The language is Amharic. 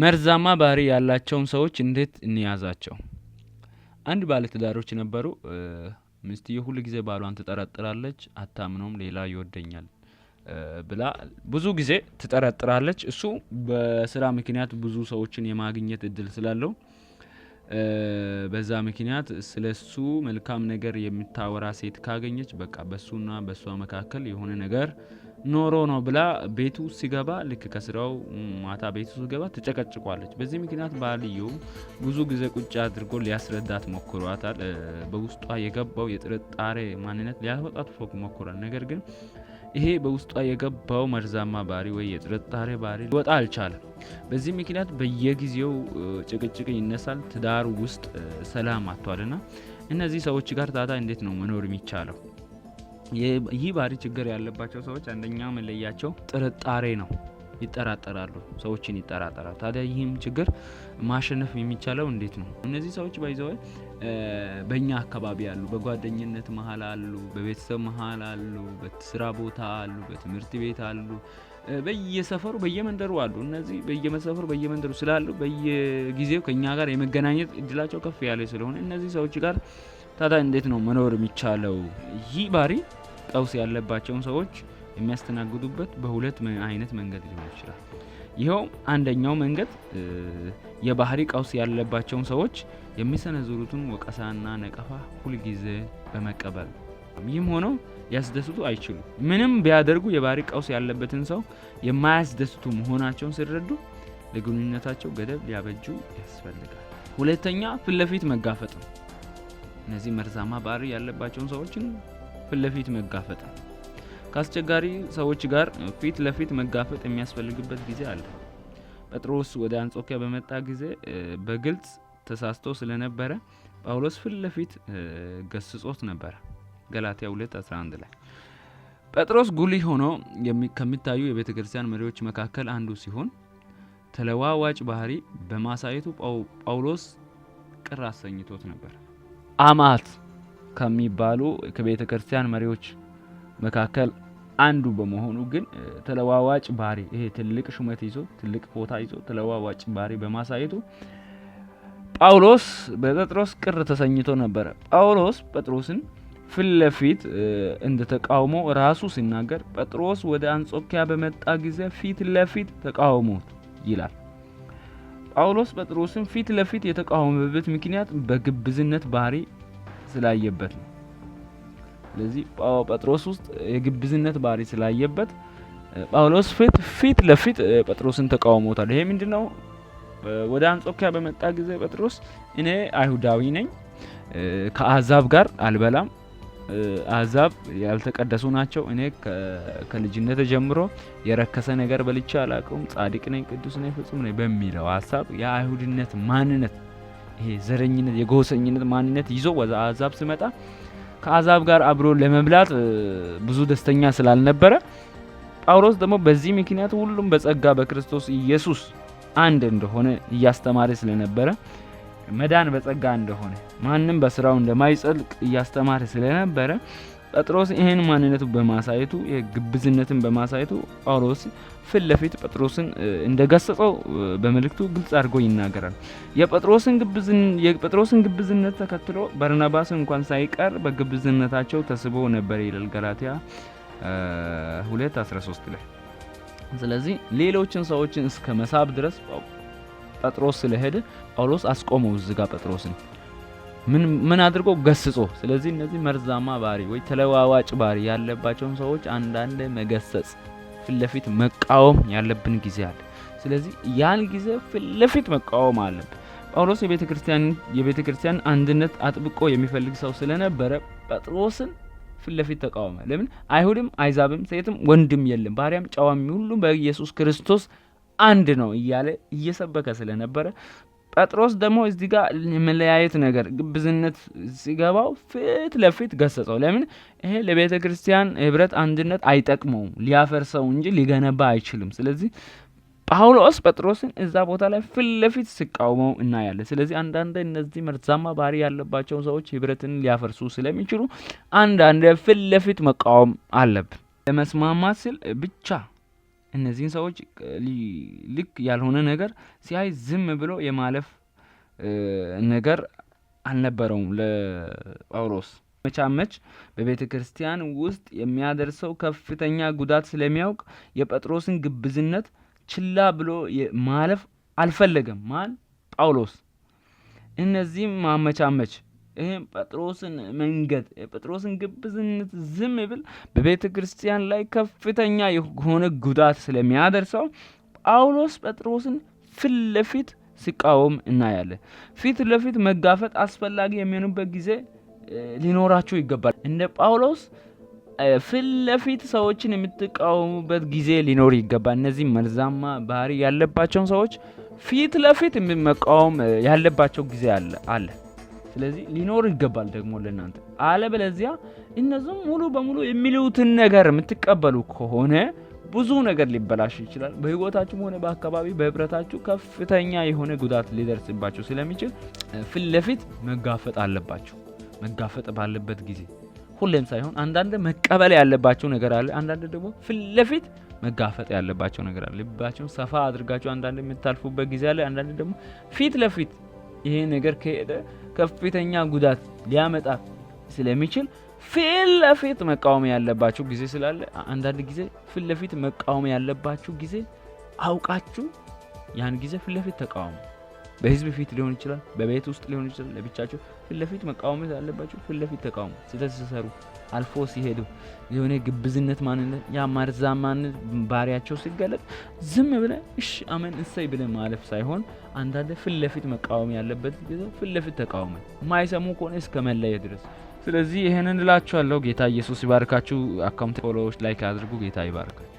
መርዛማ ባህሪ ያላቸውን ሰዎች እንዴት እንያዛቸው? አንድ ባለትዳሮች ነበሩ። ሚስትየ ሁል ጊዜ ባሏን ትጠረጥራለች፣ አታምነውም። ሌላ ይወደኛል ብላ ብዙ ጊዜ ትጠረጥራለች። እሱ በስራ ምክንያት ብዙ ሰዎችን የማግኘት እድል ስላለው በዛ ምክንያት ስለ እሱ መልካም ነገር የምታወራ ሴት ካገኘች በቃ በእሱና በእሷ መካከል የሆነ ነገር ኖሮ ነው ብላ ቤቱ ሲገባ ልክ ከስራው ማታ ቤቱ ሲገባ ትጨቀጭቋለች። በዚህ ምክንያት ባልየው ብዙ ጊዜ ቁጭ አድርጎ ሊያስረዳት ሞክሯታል። በውስጧ የገባው የጥርጣሬ ማንነት ሊያወጣት ፎቅ ሞክሯል። ነገር ግን ይሄ በውስጧ የገባው መርዛማ ባህሪ ወይ የጥርጣሬ ባህሪ ሊወጣ አልቻለም። በዚህ ምክንያት በየጊዜው ጭቅጭቅ ይነሳል። ትዳር ውስጥ ሰላም አጥቷልና እነዚህ ሰዎች ጋር ታታ እንዴት ነው መኖር የሚቻለው? ይህ ባህሪ ችግር ያለባቸው ሰዎች አንደኛ መለያቸው ጥርጣሬ ነው። ይጠራጠራሉ፣ ሰዎችን ይጠራጠራል። ታዲያ ይህም ችግር ማሸነፍ የሚቻለው እንዴት ነው? እነዚህ ሰዎች ባይዘወይ በእኛ አካባቢ አሉ፣ በጓደኝነት መሀል አሉ፣ በቤተሰብ መሀል አሉ፣ በስራ ቦታ አሉ፣ በትምህርት ቤት አሉ፣ በየሰፈሩ በየመንደሩ አሉ። እነዚህ በየመሰፈሩ በየመንደሩ ስላሉ በየጊዜው ከእኛ ጋር የመገናኘት እድላቸው ከፍ ያለ ስለሆነ እነዚህ ሰዎች ጋር ታዲያ እንዴት ነው መኖር የሚቻለው? ይህ ባህሪ ቀውስ ያለባቸውን ሰዎች የሚያስተናግዱበት በሁለት አይነት መንገድ ሊሆን ይችላል። ይኸው አንደኛው መንገድ የባህሪ ቀውስ ያለባቸውን ሰዎች የሚሰነዝሩትን ወቀሳና ነቀፋ ሁልጊዜ በመቀበል ይህም ሆኖ ሊያስደስቱ አይችሉም። ምንም ቢያደርጉ የባህሪ ቀውስ ያለበትን ሰው የማያስደስቱ መሆናቸውን ሲረዱ ለግንኙነታቸው ገደብ ሊያበጁ ያስፈልጋል። ሁለተኛ ፊት ለፊት መጋፈጥ ነው። እነዚህ መርዛማ ባህሪ ያለባቸውን ሰዎችን ፊት ለፊት መጋፈጥ ነው። ከአስቸጋሪ ሰዎች ጋር ፊት ለፊት መጋፈጥ የሚያስፈልግበት ጊዜ አለ። ጴጥሮስ ወደ አንጾኪያ በመጣ ጊዜ በግልጽ ተሳስቶ ስለነበረ ጳውሎስ ፊት ለፊት ገስጾት ነበረ። ገላትያ 2:11 ላይ ጴጥሮስ ጉልህ ሆኖ ከሚታዩ የቤተ ክርስቲያን መሪዎች መካከል አንዱ ሲሆን ተለዋዋጭ ባህሪ በማሳየቱ ጳውሎስ ቅር አሰኝቶት ነበር። አማት ከሚባሉ ከቤተ ክርስቲያን መሪዎች መካከል አንዱ በመሆኑ ግን ተለዋዋጭ ባህሪ ይሄ ትልቅ ሹመት ይዞ ትልቅ ቦታ ይዞ ተለዋዋጭ ባህሪ በማሳየቱ ጳውሎስ በጴጥሮስ ቅር ተሰኝቶ ነበረ። ጳውሎስ ጴጥሮስን ፊት ለፊት እንደ ተቃውሞ ራሱ ሲናገር ጴጥሮስ ወደ አንጾኪያ በመጣ ጊዜ ፊት ለፊት ተቃውሞት ይላል። ጳውሎስ ጴጥሮስን ፊት ለፊት የተቃወመበት ምክንያት በግብዝነት ባህሪ ስላየበት ነው። ስለዚህ ጴጥሮስ ውስጥ የግብዝነት ባህሪ ስላየበት ጳውሎስ ፊት ፊት ለፊት ጴጥሮስን ተቃውሞታል። ይሄ ምንድን ነው? ወደ አንጾኪያ በመጣ ጊዜ ጴጥሮስ እኔ አይሁዳዊ ነኝ፣ ከአሕዛብ ጋር አልበላም አዛብ ያልተቀደሱ ናቸው። እኔ ከልጅነት ጀምሮ የረከሰ ነገር በልቼ አላውቅም፣ ጻድቅ ነኝ፣ ቅዱስ ነኝ፣ ፍጹም ነኝ በሚለው ሀሳብ የአይሁድነት ማንነት ይሄ ዘረኝነት፣ የጎሰኝነት ማንነት ይዞ ወደ አሕዛብ ሲመጣ ከአሕዛብ ጋር አብሮ ለመብላት ብዙ ደስተኛ ስላልነበረ ጳውሎስ ደግሞ በዚህ ምክንያት ሁሉም በጸጋ በክርስቶስ ኢየሱስ አንድ እንደሆነ እያስተማረ ስለነበረ መዳን በጸጋ እንደሆነ ማንም በስራው እንደማይጸልቅ እያስተማረ ስለነበረ ጴጥሮስ ይህን ማንነቱ በማሳየቱ ግብዝነትን በማሳየቱ ጳውሎስ ፊት ለፊት ጴጥሮስን እንደገሰጸው በመልእክቱ ግልጽ አድርጎ ይናገራል። የጴጥሮስን ግብዝነት ተከትሎ በርናባስ እንኳን ሳይቀር በግብዝነታቸው ተስቦ ነበር ይላል ገላትያ 2 13 ላይ። ስለዚህ ሌሎችን ሰዎችን እስከ መሳብ ድረስ ጴጥሮስ ስለሄደ ጳውሎስ አስቆመው። እዚህ ጴጥሮስን ምን አድርጎ ገስጾ። ስለዚህ እነዚህ መርዛማ ባህሪ ወይ ተለዋዋጭ ባህሪ ያለባቸውን ሰዎች አንዳንድ መገሰጽ፣ ፊት መቃወም ያለብን ጊዜ አለ። ስለዚህ ያን ጊዜ ፊት መቃወም አለብን። ጳውሎስ የቤተ ክርስቲያን አንድነት አጥብቆ የሚፈልግ ሰው ስለነበረ ጴጥሮስን ፊት ተቃወመ። ለምን? አይሁድም አይዛብም ሴትም ወንድም የለም ባሪያም ጨዋም ሁሉም በኢየሱስ ክርስቶስ አንድ ነው እያለ እየሰበከ ስለነበረ ጴጥሮስ ደግሞ እዚህ ጋር የመለያየት ነገር ግብዝነት ሲገባው ፊት ለፊት ገሰጸው። ለምን ይሄ ለቤተ ክርስቲያን ህብረት አንድነት አይጠቅመውም፣ ሊያፈርሰው እንጂ ሊገነባ አይችልም። ስለዚህ ጳውሎስ ጴጥሮስን እዛ ቦታ ላይ ፊት ለፊት ሲቃወመው እናያለን። ስለዚህ አንዳንድ እነዚህ መርዛማ ባህሪ ያለባቸው ሰዎች ህብረትን ሊያፈርሱ ስለሚችሉ አንዳንዴ ፊት ለፊት መቃወም አለብን። ለመስማማት ሲል ብቻ እነዚህን ሰዎች ልክ ያልሆነ ነገር ሲያይ ዝም ብሎ የማለፍ ነገር አልነበረውም። ለጳውሎስ መቻመች በቤተ ክርስቲያን ውስጥ የሚያደርሰው ከፍተኛ ጉዳት ስለሚያውቅ የጴጥሮስን ግብዝነት ችላ ብሎ ማለፍ አልፈለገም። ማን? ጳውሎስ። እነዚህም ማመቻመች ይህም ጴጥሮስን መንገድ የጴጥሮስን ግብዝነት ዝም ብል በቤተ ክርስቲያን ላይ ከፍተኛ የሆነ ጉዳት ስለሚያደርሰው ጳውሎስ ጴጥሮስን ፊት ለፊት ሲቃወም እናያለን። ፊት ለፊት መጋፈጥ አስፈላጊ የሚሆንበት ጊዜ ሊኖራችሁ ይገባል። እንደ ጳውሎስ ፊት ለፊት ሰዎችን የምትቃወሙበት ጊዜ ሊኖር ይገባል። እነዚህ መርዛማ ባህሪ ያለባቸውን ሰዎች ፊት ለፊት መቃወም ያለባቸው ጊዜ አለ። ስለዚህ ሊኖር ይገባል ደግሞ ለእናንተ። አለበለዚያ እነዚህም ሙሉ በሙሉ የሚሉትን ነገር የምትቀበሉ ከሆነ ብዙ ነገር ሊበላሽ ይችላል። በህይወታችሁም ሆነ በአካባቢ በህብረታችሁ ከፍተኛ የሆነ ጉዳት ሊደርስባቸው ስለሚችል ፊት ለፊት መጋፈጥ አለባቸው መጋፈጥ ባለበት ጊዜ ሁሌም ሳይሆን አንዳንድ መቀበል ያለባቸው ነገር አለ። አንዳንድ ደግሞ ፊት ለፊት መጋፈጥ ያለባቸው ነገር አለ። ልባቸውን ሰፋ አድርጋቸው አንዳንድ የምታልፉበት ጊዜ አለ። አንዳንድ ደግሞ ፊት ለፊት ይሄ ነገር ከሄደ ከፍተኛ ጉዳት ሊያመጣ ስለሚችል ፊት ለፊት መቃወም ያለባችሁ ጊዜ ስላለ አንዳንድ ጊዜ ፊት ለፊት መቃወም ያለባችሁ ጊዜ አውቃችሁ ያን ጊዜ ፊት ለፊት ተቃወሙ። በህዝብ ፊት ሊሆን ይችላል፣ በቤት ውስጥ ሊሆን ይችላል። ለብቻቸው ፊት ለፊት መቃወም አለባቸው። ፊት ለፊት ተቃውሞ ስህተት ሲሰሩ አልፎ ሲሄዱ የሆነ ግብዝነት ማንነት ያ ማንነት ባህሪያቸው ሲገለጥ ዝም ብለ እሺ አመን እሰይ ብለ ማለፍ ሳይሆን አንዳንድ ፊት ለፊት መቃወም ያለበት ጊዜ ፊት ለፊት ተቃውሞ ማይሰሙ ከሆነ እስከ መለየት ድረስ። ስለዚህ ይህንን እላችኋለሁ። ጌታ ኢየሱስ ይባርካችሁ። አካውንት ፎሎዎች ላይክ አድርጉ። ጌታ ይባርካችሁ።